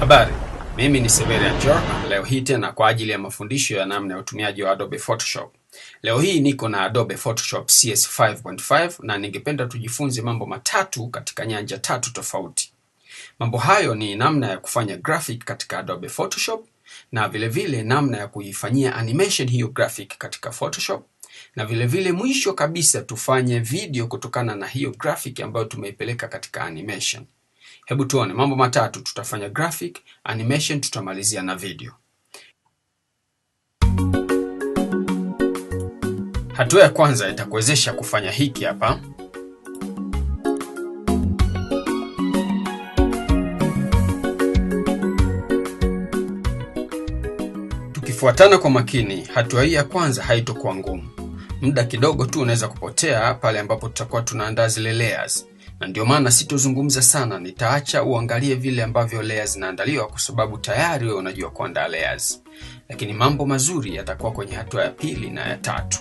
Habari, mimi ni Severian Jordan, leo hii tena kwa ajili ya mafundisho ya namna ya utumiaji wa Adobe Photoshop. Leo hii niko na Adobe Photoshop CS 5.5 na ningependa tujifunze mambo matatu katika nyanja tatu tofauti. Mambo hayo ni namna ya kufanya graphic katika Adobe Photoshop na vilevile vile namna ya kuifanyia animation hiyo graphic katika Photoshop na vilevile vile mwisho kabisa tufanye video kutokana na hiyo graphic ambayo tumeipeleka katika animation. Hebu tuone mambo matatu, tutafanya graphic, animation, tutamalizia na video. Hatua ya kwanza itakuwezesha kufanya hiki hapa. Tukifuatana kwa makini, hatua hii ya kwanza haitokuwa ngumu. Muda kidogo tu unaweza kupotea pale ambapo tutakuwa tunaandaa zile layers na ndio maana sitozungumza sana, nitaacha uangalie vile ambavyo layers zinaandaliwa, kwa sababu tayari wewe unajua kuandaa layers, lakini mambo mazuri yatakuwa kwenye hatua ya pili na ya tatu.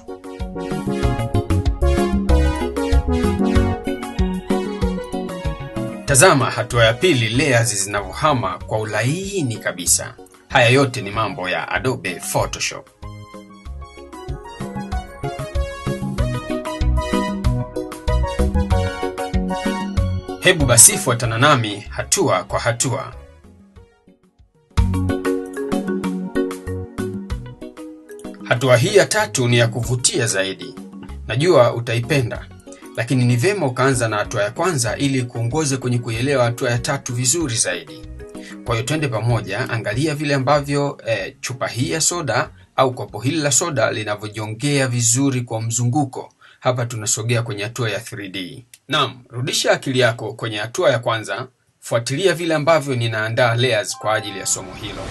Tazama hatua ya pili, layers zinavyohama kwa ulaini kabisa. Haya yote ni mambo ya Adobe Photoshop. Hebu basi fuatana nami hatua kwa hatua. Hatua hii ya tatu ni ya kuvutia zaidi. Najua utaipenda, lakini ni vyema ukaanza na hatua ya kwanza ili kuongoze kwenye kuielewa hatua ya tatu vizuri zaidi. Kwa hiyo twende pamoja, angalia vile ambavyo eh, chupa hii ya soda au kopo hili la soda linavyojongea vizuri kwa mzunguko hapa tunasogea kwenye hatua ya 3D. Naam, rudisha akili yako kwenye hatua ya kwanza, fuatilia vile ambavyo ninaandaa layers kwa ajili ya somo hilo.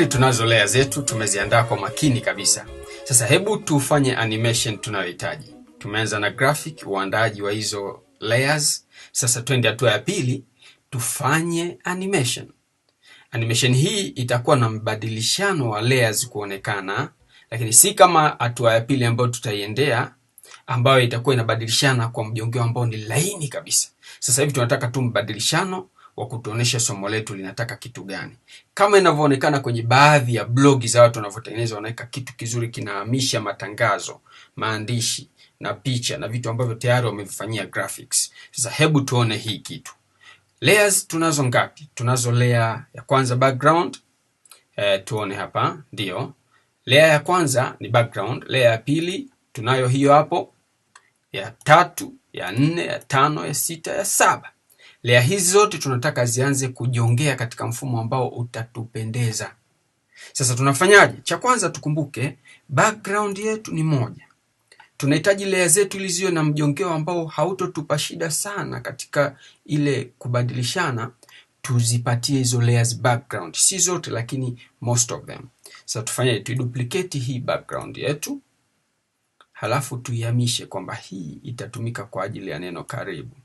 tayari tunazo zetu tumeziandaa kwa makini kabisa. Sasa hebu tufanye animation tunayohitaji. Tumeanza na graphic, uandaaji wa hizo layers. Sasa twende hatua ya pili, tufanye animation. Animation hii itakuwa na mbadilishano wa layers kuonekana, lakini si kama hatua ya pili ambayo tutaiendea ambayo itakuwa inabadilishana kwa mjongeo ambao ni laini kabisa. Sasa hivi tunataka tu mbadilishano wa kutuonesha somo letu linataka kitu gani, kama inavyoonekana kwenye baadhi ya blogi za watu wanavyotengeneza, wanaweka kitu kizuri, kinahamisha matangazo, maandishi na picha na vitu ambavyo tayari wamevifanyia graphics. Sasa hebu tuone hii kitu. Layers tunazo ngapi? Tunazo layer ya kwanza background. E, tuone hapa, ndio layer ya kwanza ni background. Layer ya pili tunayo hiyo hapo, ya tatu, ya nne, ya tano, ya sita, ya saba Layer hizi zote tunataka zianze kujongea katika mfumo ambao utatupendeza. Sasa tunafanyaje? Cha kwanza tukumbuke background yetu ni moja. Tunahitaji layer zetu ili ziwe na mjongeo ambao hautotupa shida sana katika ile kubadilishana. Tuzipatie hizo layers background, si zote lakini most of them. Sasa tufanye tuduplicate hii background yetu, halafu tuihamishe kwamba hii itatumika kwa ajili ya neno karibu.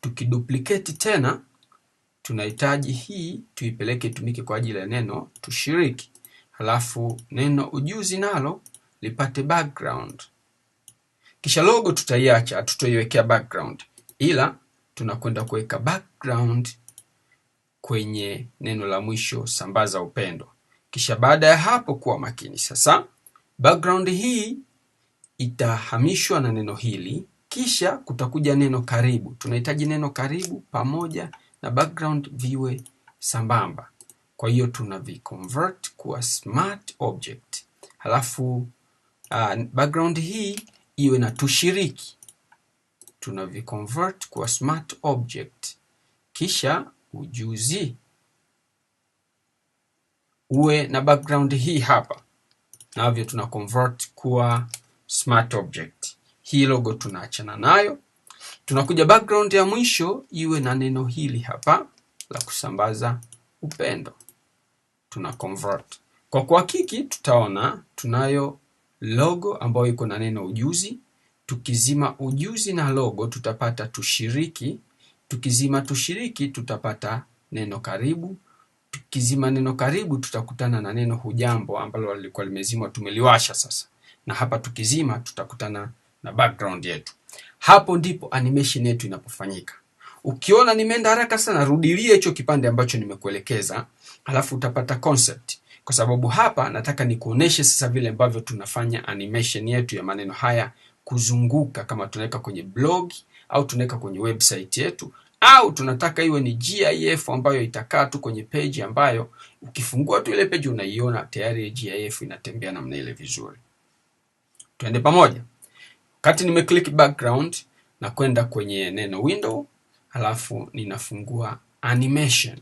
Tukiduplicate tena tunahitaji hii tuipeleke itumike kwa ajili ya neno tushiriki, halafu neno ujuzi nalo lipate background. Kisha logo tutaiacha, tutoiwekea background, ila tunakwenda kuweka background kwenye neno la mwisho sambaza upendo. Kisha baada ya hapo, kuwa makini sasa, background hii itahamishwa na neno hili kisha kutakuja neno karibu. Tunahitaji neno karibu pamoja na background viwe sambamba. Kwa hiyo tuna tunaviconvert kuwa smart object, halafu uh, background hii iwe na tushiriki. Tunaviconvert kuwa smart object, kisha ujuzi uwe na background hii hapa, navyo tuna convert kuwa smart object. Hii logo tunaachana nayo. Tunakuja background ya mwisho iwe na neno hili hapa la kusambaza upendo. Tuna convert. Kwa kuhakiki tutaona tunayo logo ambayo iko na neno ujuzi. Tukizima ujuzi na logo tutapata tushiriki. Tukizima tushiriki tutapata neno karibu. Tukizima neno karibu tutakutana na neno hujambo ambalo lilikuwa limezimwa, tumeliwasha sasa. Na hapa tukizima tutakutana na background yetu. Hapo ndipo animation yetu inapofanyika. Ukiona nimeenda haraka sana, rudilie hicho kipande ambacho nimekuelekeza, alafu utapata concept, kwa sababu hapa nataka nikuoneshe sasa vile ambavyo tunafanya animation yetu ya maneno haya kuzunguka, kama tunaweka kwenye blog au tunaweka kwenye website yetu au tunataka iwe ni GIF ambayo itakaa tu kwenye page ambayo ukifungua tu ile page unaiona tayari GIF inatembea namna ile vizuri. Tuende pamoja. Wakati nimeclick background na kwenda kwenye neno window, halafu ninafungua animation.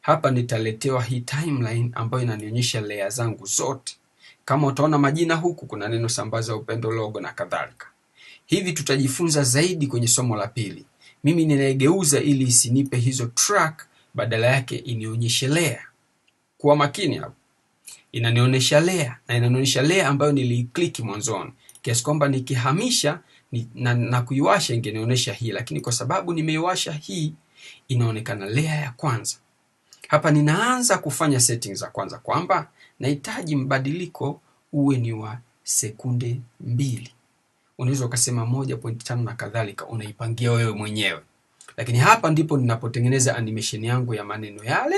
Hapa nitaletewa hii timeline ambayo inanionyesha layer zangu zote. Kama utaona majina huku, kuna neno sambaza upendo, logo na kadhalika. Hivi tutajifunza zaidi kwenye somo la pili. Mimi ninaigeuza ili isinipe hizo track, badala yake inionyeshe layer. Kuwa makini hapo, inanionyesha layer na inanionyesha layer ambayo niliikliki mwanzoni kiasi kwamba nikihamisha ni, na, na kuiwasha ingenionyesha hii, lakini kwa sababu nimeiwasha hii inaonekana layer ya kwanza. Hapa ninaanza kufanya settings za kwanza kwamba nahitaji mbadiliko uwe ni wa sekunde mbili, unaweza ukasema moja tano na kadhalika, unaipangia wewe mwenyewe. Lakini hapa ndipo ninapotengeneza animation yangu ya maneno yale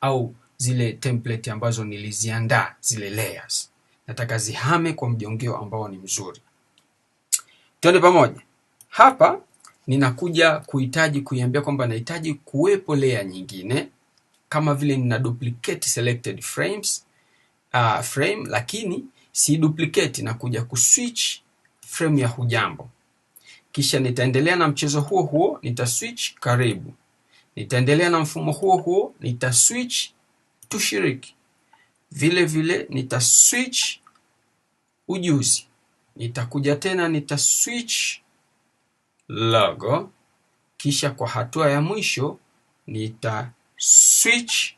au zile template ambazo niliziandaa zile layers nataka zihame kwa mjongeo ambao ni mzuri. Tuende pamoja. Hapa ninakuja kuhitaji kuiambia kwamba nahitaji kuwepo layer nyingine kama vile nina duplicate selected frames uh, frame lakini si duplicate na kuja kuswitch frame ya hujambo, kisha nitaendelea na mchezo huo huo, switch karibu, nitaendelea na mfumo huo huo, nita switch tushiriki vile vile nita switch ujuzi, nitakuja tena nita switch logo, kisha kwa hatua ya mwisho nita switch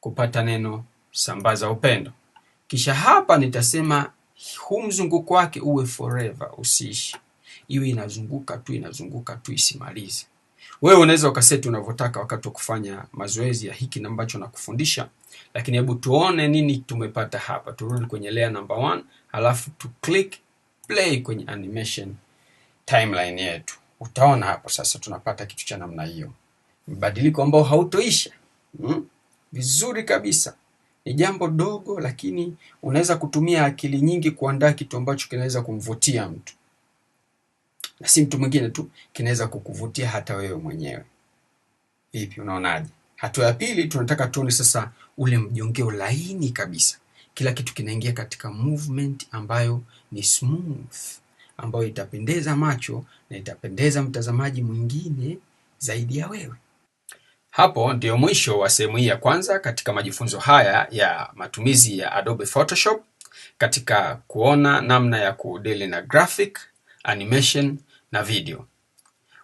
kupata neno sambaza upendo. Kisha hapa nitasema huu mzunguko wake uwe forever, usiishi, iwe inazunguka tu inazunguka tu isimalize. Wewe unaweza ukaseti unavyotaka wakati wa kufanya mazoezi ya hiki na ambacho nakufundisha, lakini hebu tuone nini tumepata hapa. Turudi kwenye layer number one, alafu tu click play kwenye animation timeline yetu. Utaona hapo sasa tunapata kitu cha namna hiyo, mbadiliko ambao hautoisha hmm? vizuri kabisa ni jambo dogo, lakini unaweza kutumia akili nyingi kuandaa kitu ambacho kinaweza kumvutia mtu na si mtu mwingine tu, kinaweza kukuvutia hata wewe mwenyewe. Vipi, unaonaje? Hatua ya pili tunataka tuone sasa ule mjongeo laini kabisa, kila kitu kinaingia katika movement ambayo ni smooth, ambayo itapendeza macho na itapendeza mtazamaji mwingine zaidi ya wewe. Hapo ndio mwisho wa sehemu hii ya kwanza katika majifunzo haya ya matumizi ya Adobe Photoshop katika kuona namna ya kudili na graphic, animation na video.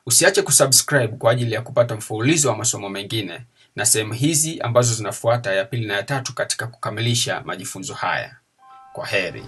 Usiache kusubscribe kwa ajili ya kupata mfululizo wa masomo mengine na sehemu hizi ambazo zinafuata ya pili na ya tatu katika kukamilisha majifunzo haya. Kwa heri.